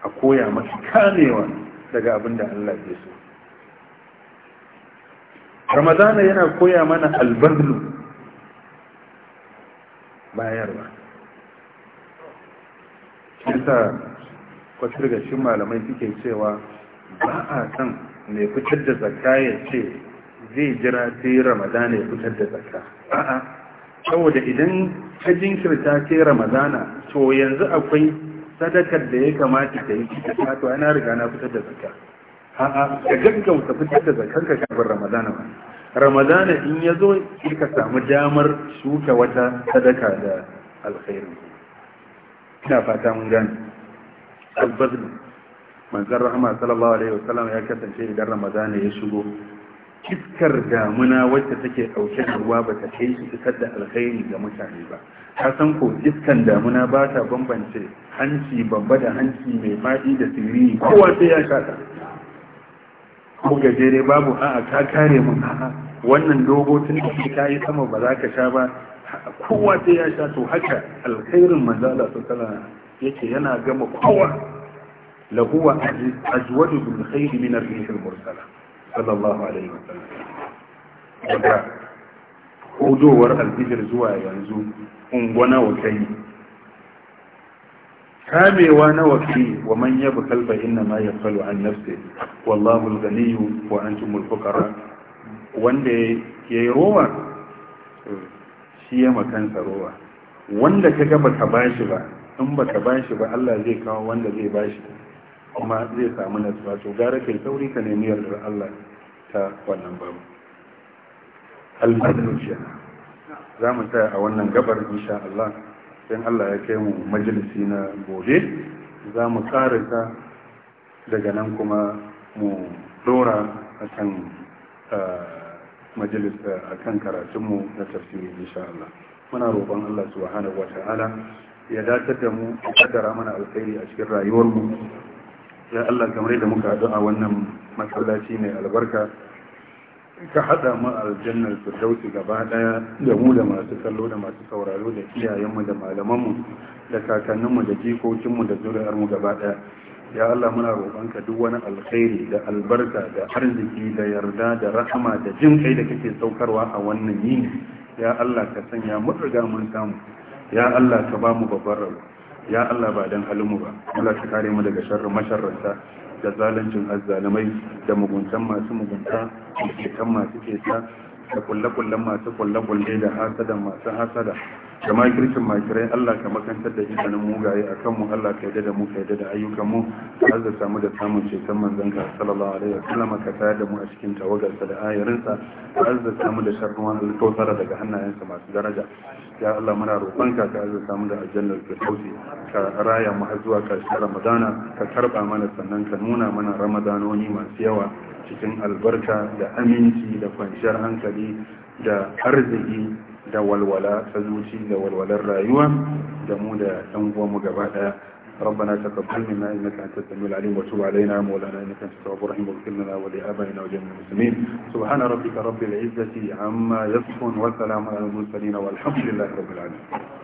a koya masa kamewa daga abin da Allah ya so ramadana yana koya mana albazlu bayarwa ga shi malamai suke cewa ba a kan mai fitar da zakka ya ce zai jira sai ramadana ya fitar da zakka a'a saboda idan ka jinkirta sai ramadana to yanzu akwai sadakar da ya kamata ka yi ta to yana riga na fitar da zakka a'a ka gaggauta fitar da zakkan ka kafin ramadana ba ramadana in ya zo sai ka samu damar shuka wata sadaka da alkhairi ina fata mun gane albazlu manzan rahama sallallahu alaihi wasallam ya kasance idan ramadana ya shigo iskar damuna wacce take ɗauke da ruwa ba ta kai su fitar da alkhairi ga mutane ba ka san ko iskan damuna ba ta bambance hanci babba da hanci mai faɗi da siriri kowa sai ya shata ko gajere babu a'a ka kare mun a'a wannan dogo tun da ka yi sama ba za ka sha ba kowa sai ya sha to haka alkhairin manzo Allah sallallahu alaihi wasallam yace yana gama kowa lahuwa wa azwaju bil khair min ar-rih al-mursala sallallahu alaihi wa sallam daga hudowar al zuwa yanzu ungwana wa kai kamewa na kai wa man yabu kalba inna ma yafalu an nafsi wallahu al-ghaniyyu wa antumul fuqara wanda yi rowa shi ya makansa rowa wanda ka gaba ka bashi ba in ba ka ba shi ba Allah zai kawo wanda zai ba shi kuma zai samu nasuwa to gara kai sauri ka nemi yardar Allah ta wannan babu alfadlu za mu tsaya a wannan gabar insha Allah dan Allah ya kai mu majalisi na gobe za mu karanta daga nan kuma mu dora akan majalis akan karatunmu na tafsiri insha Allah muna roƙon Allah subhanahu wata'ala ya dace da mu kaddara mana alkhairi a cikin rayuwarmu ya Allah kamar da muka haɗu a wannan masallaci mai albarka ka haɗa mu aljannar firdausi gaba ɗaya da mu da masu kallo da masu sauraro da iyayenmu da malamanmu da kakanninmu da jikokinmu da mu gaba ɗaya ya Allah muna roƙonka duk wani alkhairi da albarka da arziki da yarda da rahama da jin kai da kake saukarwa a wannan yini ya Allah ka sanya mu riga mun samu ya Allah ka ba mu babbar rabo ya Allah ba dan halinmu ba Allah ka kare mu daga sharri masharranta da zaluncin azzalumai da muguntan masu mugunta da masu keta da kulle-kullen masu kulle-kulle da hasada masu hasada da girkin makirai Allah ka makantar da idanun mugaye a kanmu Allah ka yadda da mu ka yadda da ayyukan mu har da samu da samun ceton manzon ka sallallahu alaihi wasallam ka tayar da mu a cikin tawagarsa da ayarinsa har da samu da sharruwan alkautar daga hannayensa masu daraja ya Allah muna roƙon ka ka azza samu da aljannar tausi ka raya mu har zuwa ramadana ka karba mana sannan ka nuna mana ramadanoni masu yawa cikin albarka da aminci da kwanciyar hankali da arziki da walwala ta zuci da walwalar rayuwa da mu da ɗan uwanmu gaba ɗaya ربنا تقبل منا انك انت السميع العليم وتب علينا مولانا انك انت التواب الرحيم واغفر لنا ولابائنا وجميع المسلمين سبحان ربك رب العزه عما يصفون وسلام على المرسلين والحمد لله رب العالمين